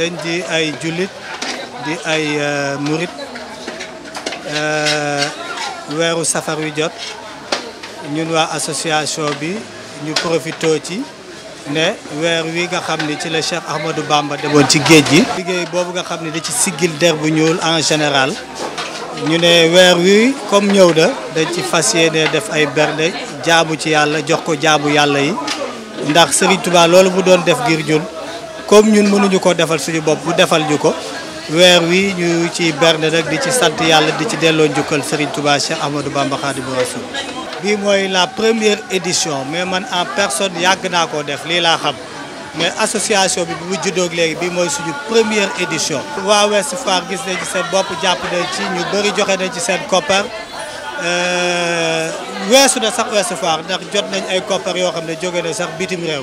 dañ di ay jullit di ay euh, murit euh, weeru safar wi jot ñun waa association bi ñu profitoo ci ne weer wi nga xam ni ci la Cheikh Ahmadou Bamba demoon ci géej gi liggéey boobu nga xam ne da ci siggil der bu ñuul en général ñu ne weer wi comme ñëw na dañ ci fas yéene def ay bernde jaamu ci yàlla jox ko jaamu yàlla yi ndax Serigne Touba loolu mu doon def ngir ñun comme ñun mënuñu koo defal suñu bopp bu defal ñu ko weer wi ñu ci bernde nag di ci sant yàlla di ci delloo njukkal Serigne Touba Cheikh Ahmadou Bamba Khadimou Rassoul bii mooy la première édition mais man en personne yàgg naa koo def lii laa xam mais association bi bu mu juddoog léegi bii mooy suñu première édition waa Ouest Foire gis nañ ci seen bopp jàpp nañ ci ñu bëri joxe nañ ci seen koppar euh, weesu na sax Ouest Foire ndax jot nañ ay koppar yoo xam ne jóge na sax bitim réew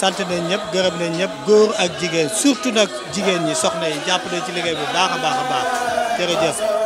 sant nañ ñëpp gërëm nañ ñëpp góor ak jigéen surtout nag jigéen ñi soxna yi jàpp nañ ci liggéey bu baax a baax a baax jërëjëf